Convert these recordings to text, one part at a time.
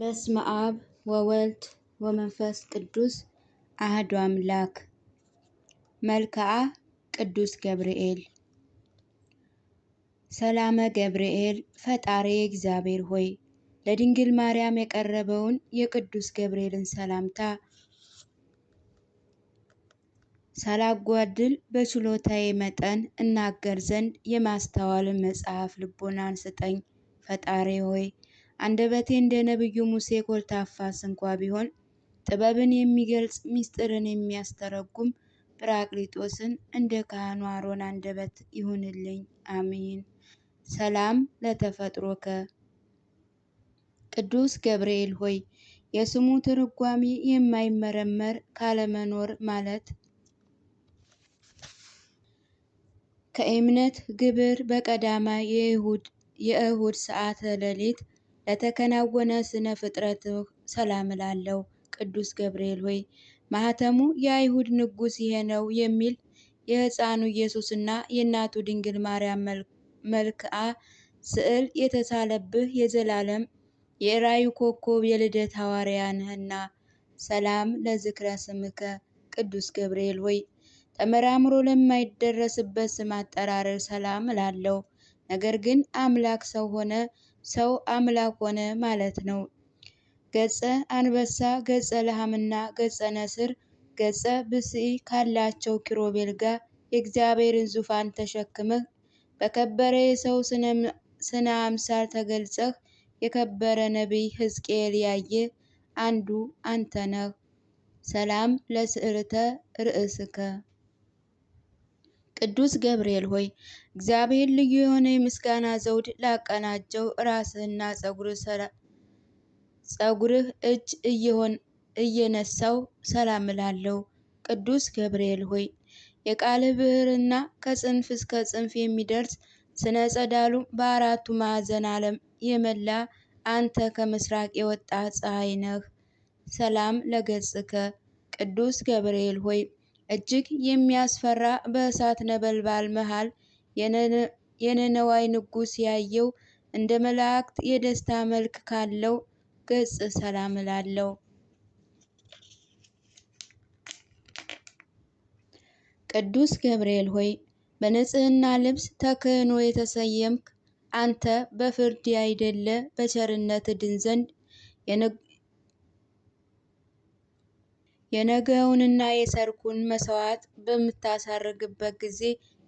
በስመ አብ ወወልድ ወመንፈስ ቅዱስ አህዱ አምላክ። መልክዓ ቅዱስ ገብርኤል። ሰላመ ገብርኤል ፈጣሪ እግዚአብሔር ሆይ ለድንግል ማርያም የቀረበውን የቅዱስ ገብርኤልን ሰላምታ ሳላጓድል በችሎታዬ መጠን እናገር ዘንድ የማስተዋልን መጽሐፍ ልቦናን ስጠኝ። ፈጣሪ ሆይ አንደበቴ እንደ ነቢዩ ሙሴ ኮልታፋ ስንኳ ቢሆን ጥበብን የሚገልጽ ምስጢርን የሚያስተረጉም ጰራቅሊጦስን እንደ ካህኑ አሮን አንደበት ይሁንልኝ። አሚን። ሰላም ለተፈጥሮከ ቅዱስ ገብርኤል ሆይ የስሙ ትርጓሜ የማይመረመር ካለመኖር ማለት ከእምነት ግብር በቀዳማ የእሁድ ሰዓተ ሌሊት ለተከናወነ ስነ ፍጥረት ሰላም እላለሁ። ቅዱስ ገብርኤል ሆይ ማህተሙ የአይሁድ ንጉሥ ይሄ ነው የሚል የሕፃኑ ኢየሱስና የእናቱ ድንግል ማርያም መልክዓ ስዕል የተሳለብህ የዘላለም የራዩ ኮከብ የልደት ሐዋርያ ነህና ሰላም ለዝክረ ስምከ ቅዱስ ገብርኤል ሆይ ተመራምሮ ለማይደረስበት ስም አጠራረር ሰላም እላለሁ። ነገር ግን አምላክ ሰው ሆነ ሰው አምላክ ሆነ ማለት ነው። ገጸ አንበሳ፣ ገጸ ለሐምና ገጸ ነስር፣ ገጸ ብስኢ ካላቸው ኪሮቤል ጋር የእግዚአብሔርን ዙፋን ተሸክመህ በከበረ የሰው ስነ አምሳል ተገልጸህ የከበረ ነቢይ ሕዝቅኤል ያየ አንዱ አንተ ነህ። ሰላም ለስዕርተ ርእስከ ቅዱስ ገብርኤል ሆይ እግዚአብሔር ልዩ የሆነ የምስጋና ዘውድ ላቀናጀው ራስህና ጸጉርህ እጅ እየሆን እየነሳው ሰላም እላለሁ። ቅዱስ ገብርኤል ሆይ የቃል ብዕርና ከጽንፍ እስከ ጽንፍ የሚደርስ ስነ ጸዳሉ በአራቱ ማዕዘን ዓለም የመላ አንተ ከምስራቅ የወጣ ፀሐይ ነህ። ሰላም ለገጽከ ቅዱስ ገብርኤል ሆይ እጅግ የሚያስፈራ በእሳት ነበልባል መሃል የነነዋይ ንጉሥ ያየው እንደ መላእክት የደስታ መልክ ካለው ገጽ ሰላም እላለሁ። ቅዱስ ገብርኤል ሆይ በንጽህና ልብስ ተክህኖ የተሰየምክ አንተ በፍርድ ያይደለ በቸርነት ድን ዘንድ የነገውንና የሰርጉን መስዋዕት በምታሳርግበት ጊዜ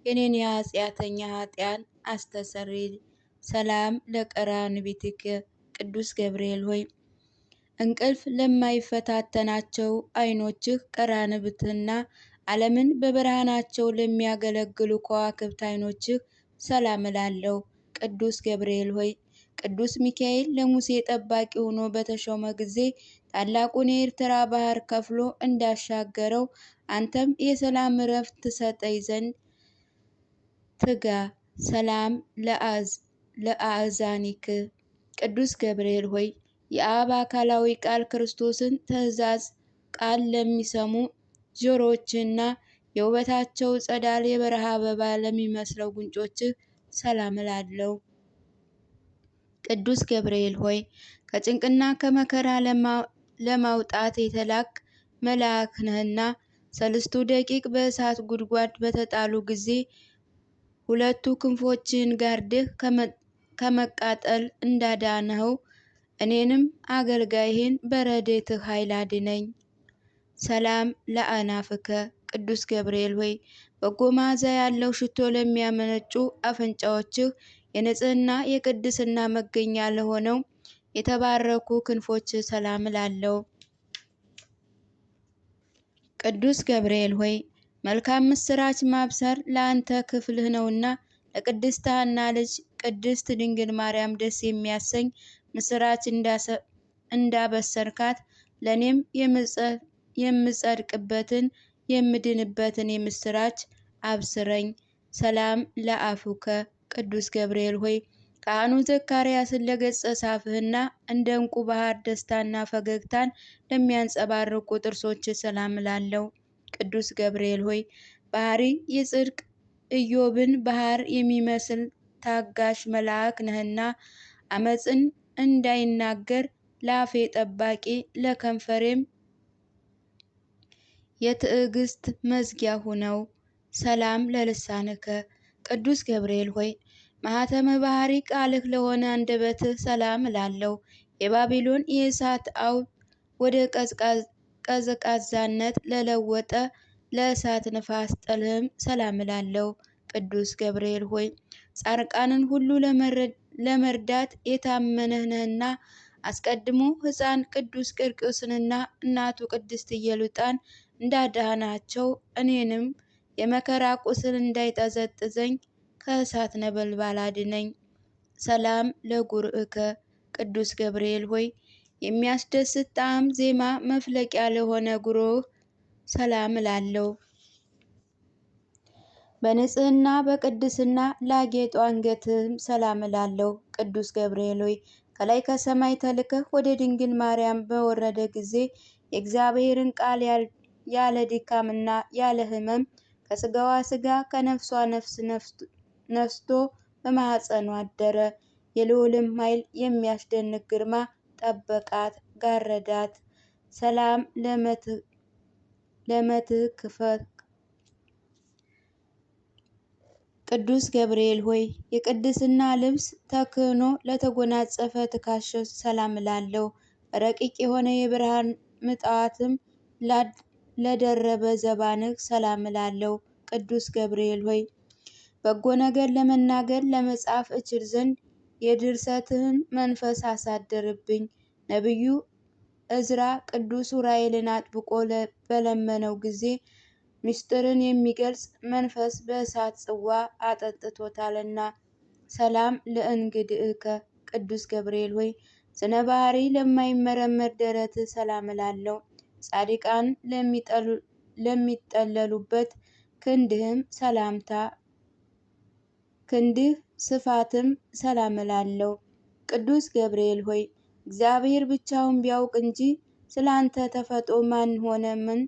የኔን የኃጢአተኛ ኃጢአን አስተሰርይ። ሰላም ለቀራን ቤትክ ቅዱስ ገብርኤል ሆይ እንቅልፍ ለማይፈታተናቸው አይኖችህ ቀራንብትና ዓለምን በብርሃናቸው ለሚያገለግሉ ከዋክብት አይኖችህ ሰላም እላለሁ። ቅዱስ ገብርኤል ሆይ ቅዱስ ሚካኤል ለሙሴ ጠባቂ ሆኖ በተሾመ ጊዜ ታላቁን የኤርትራ ባህር ከፍሎ እንዳሻገረው አንተም የሰላም እረፍት ትሰጠኝ ዘንድ ትጋ። ሰላም ለአእዛኒክ ቅዱስ ገብርኤል ሆይ የአብ አካላዊ ቃል ክርስቶስን ትእዛዝ ቃል ለሚሰሙ ጆሮዎችና የውበታቸው ጸዳል የበረሃ አበባ ለሚመስለው ጉንጮች ሰላም እላለሁ። ቅዱስ ገብርኤል ሆይ ከጭንቅና ከመከራ ለማውጣት የተላክ መልአክ ነህና ሰልስቱ ደቂቅ በእሳት ጉድጓድ በተጣሉ ጊዜ ሁለቱ ክንፎችን ጋርድህ ከመቃጠል እንዳዳነኸው እኔንም አገልጋይህን በረዴትህ ኃይል አድነኝ። ሰላም ለአናፍከ ቅዱስ ገብርኤል ሆይ በጎ መዓዛ ያለው ሽቶ ለሚያመነጩ አፍንጫዎችህ የንጽህና የቅድስና መገኛ ለሆነው የተባረኩ ክንፎች ሰላም ላለው ቅዱስ ገብርኤል ሆይ መልካም ምስራች ማብሰር ለአንተ ክፍልህ ነውና ለቅድስት ሐና ልጅ ቅድስት ድንግል ማርያም ደስ የሚያሰኝ ምስራች እንዳበሰርካት ለእኔም የምጸድቅበትን የምድንበትን የምስራች አብስረኝ። ሰላም ለአፉከ ቅዱስ ገብርኤል ሆይ ካህኑ ዘካርያስን ለገጸ ሳፍህና እንደ እንቁ ባህር ደስታና ፈገግታን ለሚያንጸባርቁ ጥርሶች ሰላም ላለው ቅዱስ ገብርኤል ሆይ ባህሪ የጽድቅ ኢዮብን ባህር የሚመስል ታጋሽ መልአክ ነህና አመፅን እንዳይናገር ለአፌ ጠባቂ ለከንፈሬም የትዕግስት መዝጊያ ሁነው። ሰላም ለልሳንከ ቅዱስ ገብርኤል ሆይ ማኅተመ ባህሪ ቃልህ ለሆነ አንደበትህ ሰላም እላለሁ። የባቢሎን የእሳት አውድ ወደ ቀዝቃዛነት ለለወጠ ለእሳት ንፋስ ጥልህም ሰላም እላለሁ። ቅዱስ ገብርኤል ሆይ ጻርቃንን ሁሉ ለመርዳት የታመንህ ነህና አስቀድሞ ሕፃን ቅዱስ ቅርቅስንና እናቱ ቅድስት እየሉጣን እንዳዳህናቸው እኔንም የመከራ ቁስል እንዳይጠዘጥዘኝ ከእሳት ነበልባል አድነኝ። ሰላም ለጉርእከ ቅዱስ ገብርኤል ሆይ የሚያስደስት ጣዕም ዜማ መፍለቂያ ለሆነ ጉሮህ ሰላም እላለሁ። በንጽህና በቅድስና ላጌጡ አንገትህም ሰላም እላለሁ። ቅዱስ ገብርኤል ሆይ ከላይ ከሰማይ ተልከህ ወደ ድንግል ማርያም በወረደ ጊዜ የእግዚአብሔርን ቃል ያለ ድካምና ያለ ሕመም ከስጋዋ ስጋ ከነፍሷ ነፍስ ነስቶ በማኅፀኗ አደረ። የልዑልም ኃይል የሚያስደንቅ ግርማ ጠበቃት፣ ጋረዳት። ሰላም ለመትህ ክፈት ቅዱስ ገብርኤል ሆይ የቅድስና ልብስ ተክህኖ ለተጎናጸፈ ትካሸው ሰላም እላለሁ። ረቂቅ የሆነ የብርሃን ምጣዋትም ለደረበ ዘባንህ ሰላም እላለሁ። ቅዱስ ገብርኤል ሆይ በጎ ነገር ለመናገር ለመጻፍ እችል ዘንድ የድርሰትህን መንፈስ አሳደርብኝ። ነቢዩ እዝራ ቅዱስ ዑራኤልን አጥብቆ በለመነው ጊዜ ምስጢርን የሚገልጽ መንፈስ በእሳት ጽዋ አጠጥቶታልና። ሰላም ለእንግድእከ ቅዱስ ገብርኤል ሆይ ስነ ባህሪ ለማይመረመር ደረት ሰላም እላለሁ። ጻድቃን ለሚጠለሉበት ክንድህም ሰላምታ ክንድህ ስፋትም ሰላም እላለሁ። ቅዱስ ገብርኤል ሆይ እግዚአብሔር ብቻውን ቢያውቅ እንጂ ስለ አንተ ተፈጥሮ ማን ሆነ ምን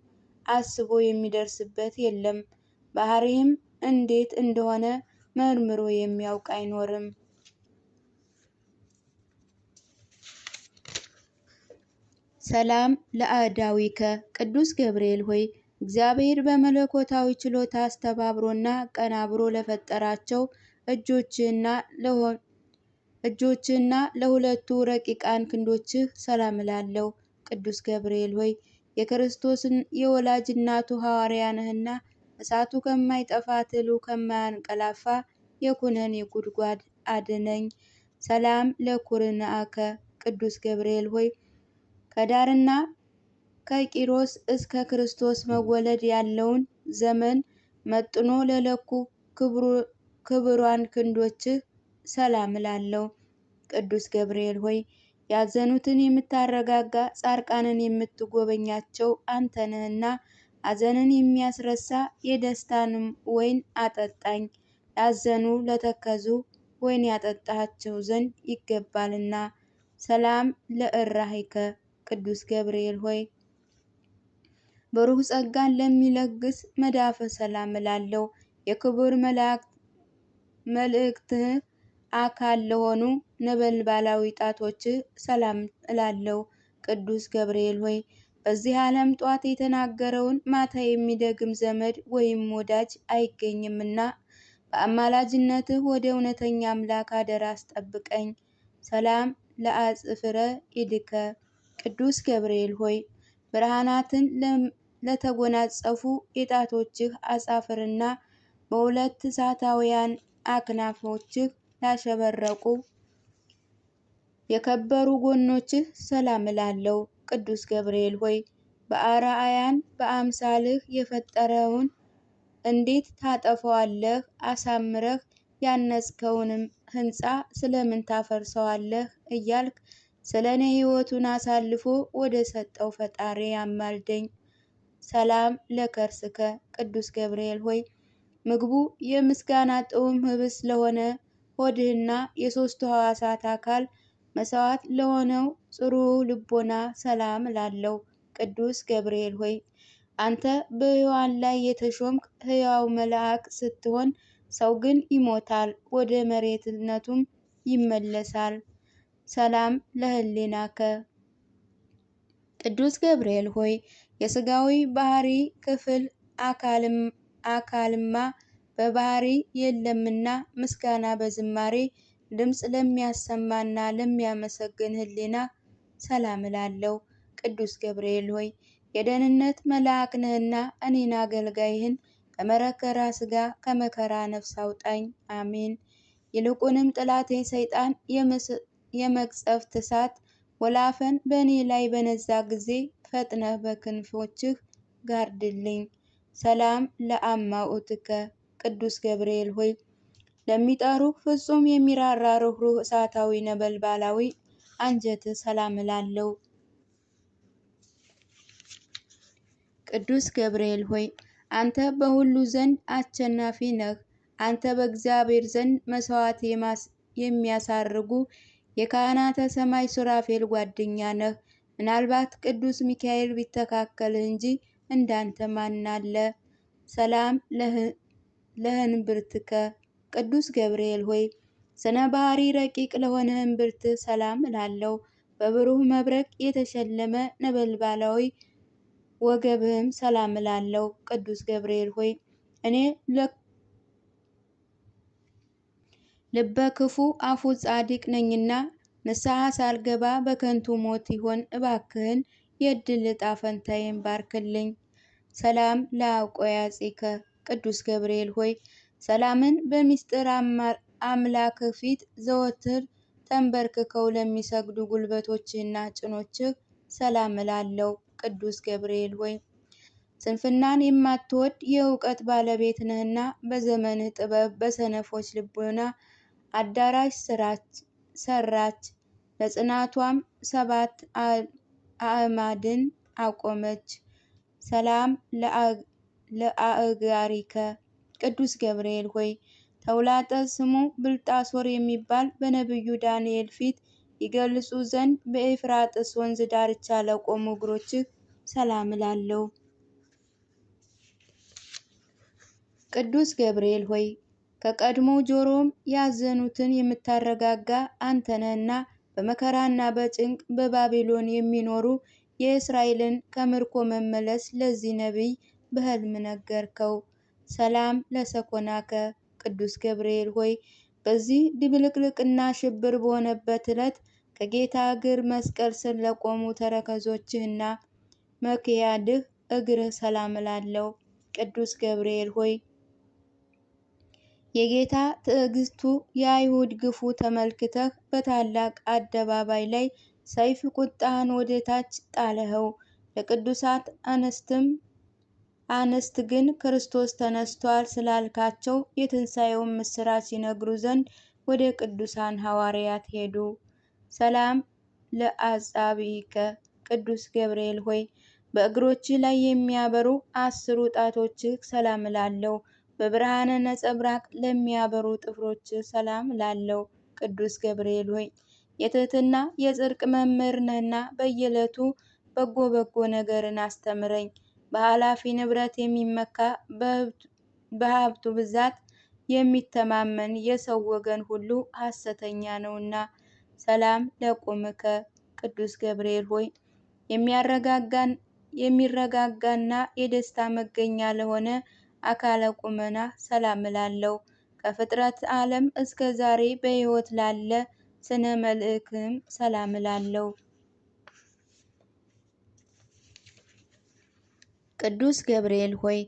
አስቦ የሚደርስበት የለም። ባህሪህም እንዴት እንደሆነ መርምሮ የሚያውቅ አይኖርም። ሰላም ለአዳዊከ ቅዱስ ገብርኤል ሆይ እግዚአብሔር በመለኮታዊ ችሎታ አስተባብሮና ቀናብሮ ለፈጠራቸው እጆችና ለሁለቱ ረቂቃን ክንዶችህ ሰላም እላለሁ። ቅዱስ ገብርኤል ሆይ የክርስቶስን የወላጅ እናቱ ሐዋርያ ነህና እሳቱ ከማይጠፋ ትሉ ከማያንቀላፋ የኩነን የጉድጓድ አድነኝ። ሰላም አከ ቅዱስ ገብርኤል ሆይ ከዳርና ከቂሮስ እስከ ክርስቶስ መወለድ ያለውን ዘመን መጥኖ ለለኩ ክብሩ ክብሯን ክንዶችህ ሰላም እላለሁ። ቅዱስ ገብርኤል ሆይ ያዘኑትን የምታረጋጋ ጻርቃንን የምትጎበኛቸው አንተ ነህና የሚያስረሳ የደስታንም ወይን አጠጣኝ። ያዘኑ ለተከዙ ወይን ያጠጣቸው ዘንድ ይገባልና። ሰላም ለእራሂከ ቅዱስ ገብርኤል ሆይ ብሩህ ጸጋን ለሚለግስ መዳፈ ሰላም እላለሁ። የክቡር መልአክ መልእክት አካል ለሆኑ ነበልባላዊ ጣቶችህ ሰላም እላለሁ። ቅዱስ ገብርኤል ሆይ በዚህ ዓለም ጧት የተናገረውን ማታ የሚደግም ዘመድ ወይም ወዳጅ አይገኝምና በአማላጅነትህ ወደ እውነተኛ አምላክ አደራ አስጠብቀኝ። ሰላም ለአጽፍረ ይድከ ቅዱስ ገብርኤል ሆይ ብርሃናትን ለተጎናጸፉ የጣቶችህ አጻፍርና በሁለት እሳታውያን አክናፎችህ ላሸበረቁ የከበሩ ጎኖችህ ሰላም እላለሁ። ቅዱስ ገብርኤል ሆይ በአርአያን በአምሳልህ የፈጠረውን እንዴት ታጠፈዋለህ? አሳምረህ ያነጽከውንም ሕንፃ ስለምን ታፈርሰዋለህ? እያልክ ስለ እኔ ሕይወቱን አሳልፎ ወደ ሰጠው ፈጣሪ ያማልደኝ። ሰላም ለከርስከ ቅዱስ ገብርኤል ሆይ ምግቡ የምስጋና ጥዑም ህብስ ለሆነ ሆድህና የሦስቱ ሐዋሳት አካል መሥዋዕት ለሆነው ጽሩ ልቦና ሰላም እላለሁ። ቅዱስ ገብርኤል ሆይ አንተ በሕያዋን ላይ የተሾምክ ሕያው መልአክ ስትሆን፣ ሰው ግን ይሞታል፣ ወደ መሬትነቱም ይመለሳል። ሰላም ለህሊናከ ቅዱስ ገብርኤል ሆይ የሥጋዊ ባህሪ ክፍል አካልም አካልማ በባህሪ የለምና ምስጋና በዝማሬ ድምፅ ለሚያሰማና ለሚያመሰግን ህሊና ሰላም እላለሁ። ቅዱስ ገብርኤል ሆይ የደህንነት መልአክ ነህና እኔን አገልጋይህን ከመረከራ ስጋ ከመከራ ነፍስ አውጣኝ፣ አሜን። ይልቁንም ጥላቴ ሰይጣን የመቅሰፍት እሳት ወላፈን በእኔ ላይ በነዛ ጊዜ ፈጥነህ በክንፎችህ ጋርድልኝ። ሰላም ለአማ ኡትከ ቅዱስ ገብርኤል ሆይ ለሚጠሩ ፍጹም የሚራራ ርኅሩህ እሳታዊ ነበልባላዊ አንጀት ሰላም እላለሁ። ቅዱስ ገብርኤል ሆይ አንተ በሁሉ ዘንድ አቸናፊ ነህ። አንተ በእግዚአብሔር ዘንድ መስዋዕት የሚያሳርጉ የካህናተ ሰማይ ሱራፌል ጓደኛ ነህ። ምናልባት ቅዱስ ሚካኤል ቢተካከልህ እንጂ እንዳንተ ማናለ ሰላም ለህንብርትከ ቅዱስ ገብርኤል ሆይ ስነ ባህሪ ረቂቅ ለሆነ እምብርት ሰላም እላለሁ። በብሩህ መብረቅ የተሸለመ ነበልባላዊ ወገብህም ሰላም እላለሁ። ቅዱስ ገብርኤል ሆይ እኔ ልበ ክፉ አፉ ጻድቅ ነኝና ንስሐ ሳልገባ በከንቱ ሞት ይሆን እባክህን የድል ዕጣ ፈንታዬን ባርክልኝ። ሰላም ለአቆያጺከ ቅዱስ ገብርኤል ሆይ ሰላምን በሚስጥር አምላክ ፊት ዘወትር ተንበርክከው ለሚሰግዱ ጉልበቶችና ጭኖችህ ሰላም እላለሁ። ቅዱስ ገብርኤል ሆይ ስንፍናን የማትወድ የእውቀት ባለቤት ነህና በዘመንህ ጥበብ በሰነፎች ልቡና አዳራሽ ሰራች፣ ለጽናቷም ሰባት አእማድን አቆመች። ሰላም ለአእጋሪከ ቅዱስ ገብርኤል ሆይ ተውላጠ ስሙ ብልጣሶር የሚባል በነቢዩ ዳንኤል ፊት ይገልጹ ዘንድ በኤፍራጥስ ወንዝ ዳርቻ ለቆሙ እግሮችህ ሰላም እላለሁ። ቅዱስ ገብርኤል ሆይ ከቀድሞ ጆሮም ያዘኑትን የምታረጋጋ አንተነህና በመከራና በጭንቅ በባቢሎን የሚኖሩ የእስራኤልን ከምርኮ መመለስ ለዚህ ነቢይ በሕልም ነገርከው። ሰላም ለሰኮናከ ቅዱስ ገብርኤል ሆይ በዚህ ድብልቅልቅና ሽብር በሆነበት ዕለት ከጌታ እግር መስቀል ስር ለቆሙ ተረከዞችህና መክያድህ እግርህ ሰላም እላለሁ። ቅዱስ ገብርኤል ሆይ የጌታ ትዕግስቱ የአይሁድ ግፉ ተመልክተህ በታላቅ አደባባይ ላይ ሰይፍ ቁጣህን ወደ ታች ጣለኸው። ለቅዱሳት አንስትም አንስት ግን ክርስቶስ ተነስቷል ስላልካቸው የትንሣኤውን ምስራች ሲነግሩ ዘንድ ወደ ቅዱሳን ሐዋርያት ሄዱ። ሰላም ለአጻብኢከ ቅዱስ ገብርኤል ሆይ በእግሮች ላይ የሚያበሩ አስሩ ጣቶችህ ሰላም እላለሁ። በብርሃነ ነጸብራቅ ለሚያበሩ ጥፍሮች ሰላም ላለው ቅዱስ ገብርኤል ሆይ የትህትና የጽድቅ መምህር ነህና በየዕለቱ በጎ በጎ ነገርን አስተምረኝ። በኃላፊ ንብረት የሚመካ በሀብቱ ብዛት የሚተማመን የሰው ወገን ሁሉ ሐሰተኛ ነውና። ሰላም ለቁምከ ቅዱስ ገብርኤል ሆይ የሚያረጋጋን የሚረጋጋና የደስታ መገኛ ለሆነ አካለ ቁመና ሰላም እላለሁ። ከፍጥረት ዓለም እስከ ዛሬ በሕይወት ላለ ስነ መልእክም ሰላም እላለሁ። ቅዱስ ገብርኤል ሆይ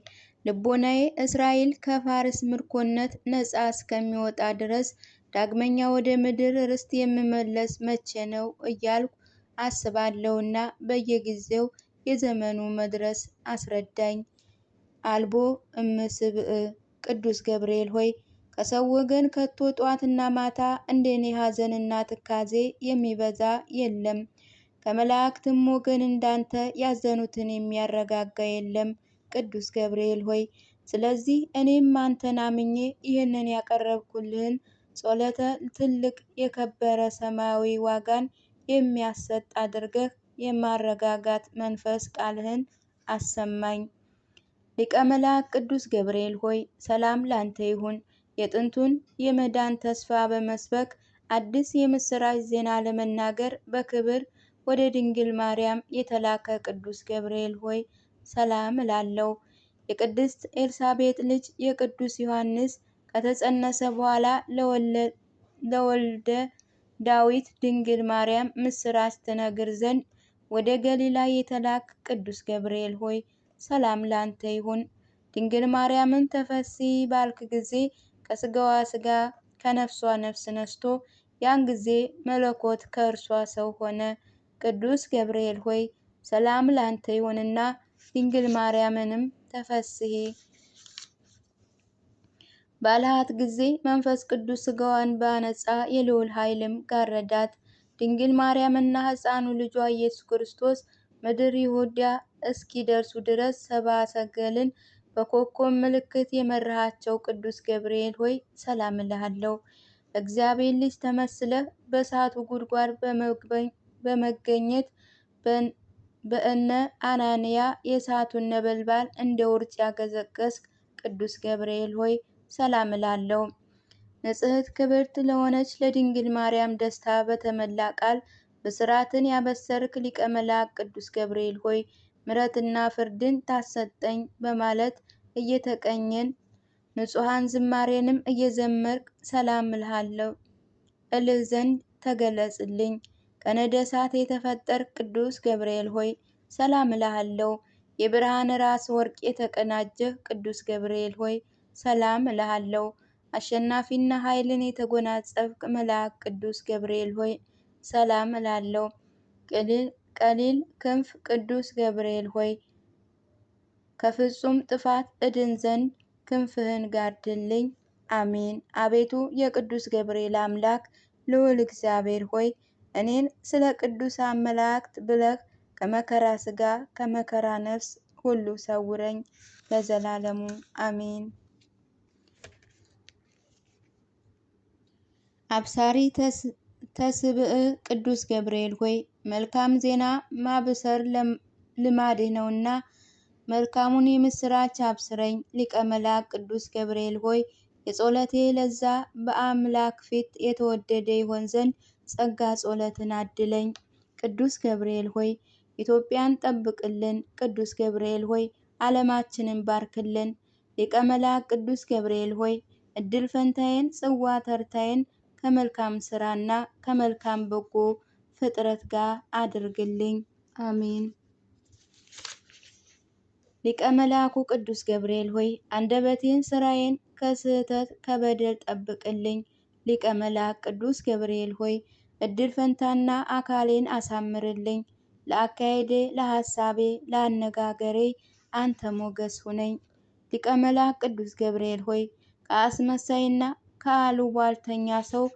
ልቦናዬ እስራኤል ከፋርስ ምርኮነት ነፃ እስከሚወጣ ድረስ ዳግመኛ ወደ ምድር ርስት የምመለስ መቼ ነው እያልኩ አስባለሁና በየጊዜው የዘመኑ መድረስ አስረዳኝ። አልቦ እምስብእ ቅዱስ ገብርኤል ሆይ ከሰው ወገን ከቶ ጧትና ማታ እንደኔ ሀዘንና ሐዘንና ትካዜ የሚበዛ የለም። ከመላእክትም ወገን እንዳንተ ያዘኑትን የሚያረጋጋ የለም። ቅዱስ ገብርኤል ሆይ ስለዚህ እኔም አንተን አምኜ ይህንን ያቀረብኩልህን ጸሎተ ትልቅ የከበረ ሰማያዊ ዋጋን የሚያሰጥ አድርገህ የማረጋጋት መንፈስ ቃልህን አሰማኝ። ሊቀ መላእክት ቅዱስ ገብርኤል ሆይ ሰላም ላንተ ይሁን። የጥንቱን የመዳን ተስፋ በመስበክ አዲስ የምስራች ዜና ለመናገር በክብር ወደ ድንግል ማርያም የተላከ ቅዱስ ገብርኤል ሆይ ሰላም እላለሁ። የቅድስት ኤልሳቤጥ ልጅ የቅዱስ ዮሐንስ ከተጸነሰ በኋላ ለወልደ ዳዊት ድንግል ማርያም ምስራች ትነግር ዘንድ ወደ ገሊላ የተላክ ቅዱስ ገብርኤል ሆይ ሰላም ላንተ ይሁን። ድንግል ማርያምን ተፈሲ ባልክ ጊዜ ከስጋዋ ስጋ ከነፍሷ ነፍስ ነስቶ ያን ጊዜ መለኮት ከእርሷ ሰው ሆነ። ቅዱስ ገብርኤል ሆይ ሰላም ላንተ ይሁንና ድንግል ማርያምንም ተፈስሂ ባልሃት ጊዜ መንፈስ ቅዱስ ስጋዋን ባነጻ የልዑል ኃይልም ጋረዳት። ድንግል ማርያምና ሕፃኑ ልጇ ኢየሱስ ክርስቶስ ምድር ይሁዳ እስኪደርሱ ድረስ ሰብአ ሰገልን በኮከብ ምልክት የመራሃቸው ቅዱስ ገብርኤል ሆይ ሰላም እልሃለሁ። እግዚአብሔር ልጅ ተመስለህ በእሳቱ ጉድጓድ በመገኘት በእነ አናንያ የእሳቱን ነበልባል እንደ ውርጭ ያገዘቀስክ ቅዱስ ገብርኤል ሆይ ሰላም እላለሁ። ንጽሕት ክብርት ለሆነች ለድንግል ማርያም ደስታ በተመላ ቃል ብስራትን ያበሰርክ ሊቀ መላእክት ቅዱስ ገብርኤል ሆይ ምረትና ፍርድን ታሰጠኝ በማለት እየተቀኘን ንጹሐን ዝማሬንም እየዘመርክ ሰላም እልሃለሁ እልህ ዘንድ ተገለጽልኝ። ከነደ እሳት ቅዱስ ገብርኤል ሆይ ሰላም እልሃለሁ። የብርሃን ራስ ወርቅ የተቀናጀህ ቅዱስ ገብርኤል ሆይ ሰላም እልሃለሁ። አሸናፊና ኃይልን የተጎናጸፍክ መልአክ ቅዱስ ገብርኤል ሆይ ሰላም እላለሁ። ቀሊል ክንፍ ቅዱስ ገብርኤል ሆይ ከፍጹም ጥፋት እድን ዘንድ ክንፍህን ጋርድልኝ። አሜን። አቤቱ የቅዱስ ገብርኤል አምላክ ልዑል እግዚአብሔር ሆይ እኔን ስለ ቅዱሳን መላእክት ብለህ ከመከራ ስጋ፣ ከመከራ ነፍስ ሁሉ ሰውረኝ ለዘላለሙ አሜን። አብሳሪ ተስብእ ቅዱስ ገብርኤል ሆይ መልካም ዜና ማብሰር ልማድህ ነውና መልካሙን የምስራች አብስረኝ። ሊቀ መላክ ቅዱስ ገብርኤል ሆይ የጸሎቴ ለዛ በአምላክ ፊት የተወደደ ይሆን ዘንድ ጸጋ ጸሎትን አድለኝ። ቅዱስ ገብርኤል ሆይ ኢትዮጵያን ጠብቅልን። ቅዱስ ገብርኤል ሆይ ዓለማችንን ባርክልን። ሊቀ መላክ ቅዱስ ገብርኤል ሆይ እድል ፈንታዬን ጽዋ ተርታዬን ከመልካም ስራና ከመልካም በጎ ፍጥረት ጋር አድርግልኝ። አሜን። ሊቀ መልአኩ ቅዱስ ገብርኤል ሆይ አንደበቴን ስራዬን ከስህተት ከበደል ጠብቅልኝ። ሊቀ መልአክ ቅዱስ ገብርኤል ሆይ እድል ፈንታና አካሌን አሳምርልኝ። ለአካሄዴ፣ ለሐሳቤ፣ ለአነጋገሬ አንተ ሞገስ ሁነኝ። ሊቀ መልአክ ቅዱስ ገብርኤል ሆይ ከአስመሳይና ከአሉባልተኛ ሰው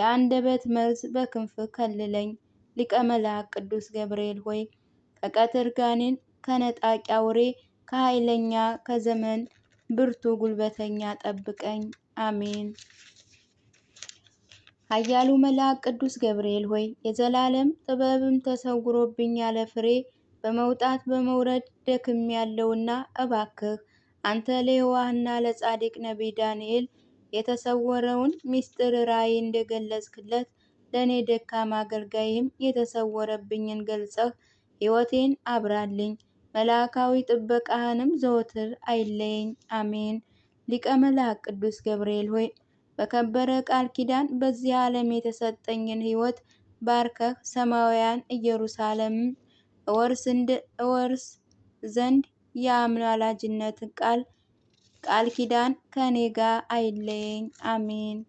የአንደበት መርዝ በክንፍ ከልለኝ። ሊቀ መልአክ ቅዱስ ገብርኤል ሆይ ከቀትር ጋኔን፣ ከነጣቂ አውሬ፣ ከኃይለኛ ከዘመን ብርቱ ጉልበተኛ ጠብቀኝ። አሜን። ኃያሉ መልአክ ቅዱስ ገብርኤል ሆይ የዘላለም ጥበብም ተሰውሮብኝ ያለ ፍሬ በመውጣት በመውረድ ደክም ያለውና እባክህ አንተ ለየዋህና ለጻድቅ ነቢይ ዳንኤል የተሰወረውን ምስጢር ራእይ እንደገለጽክለት ለእኔ ደካማ አገልጋይም የተሰወረብኝን ገልጸህ ሕይወቴን አብራልኝ፣ መልአካዊ ጥበቃህንም ዘወትር አይለየኝ። አሜን። ሊቀ መልአክ ቅዱስ ገብርኤል ሆይ በከበረ ቃል ኪዳን በዚህ ዓለም የተሰጠኝን ሕይወት ባርከህ ሰማውያን ኢየሩሳሌምን እወርስ ዘንድ የአማላጅነት ቃል ቃል ኪዳን ከኔ ጋር አይለየኝ። አሜን።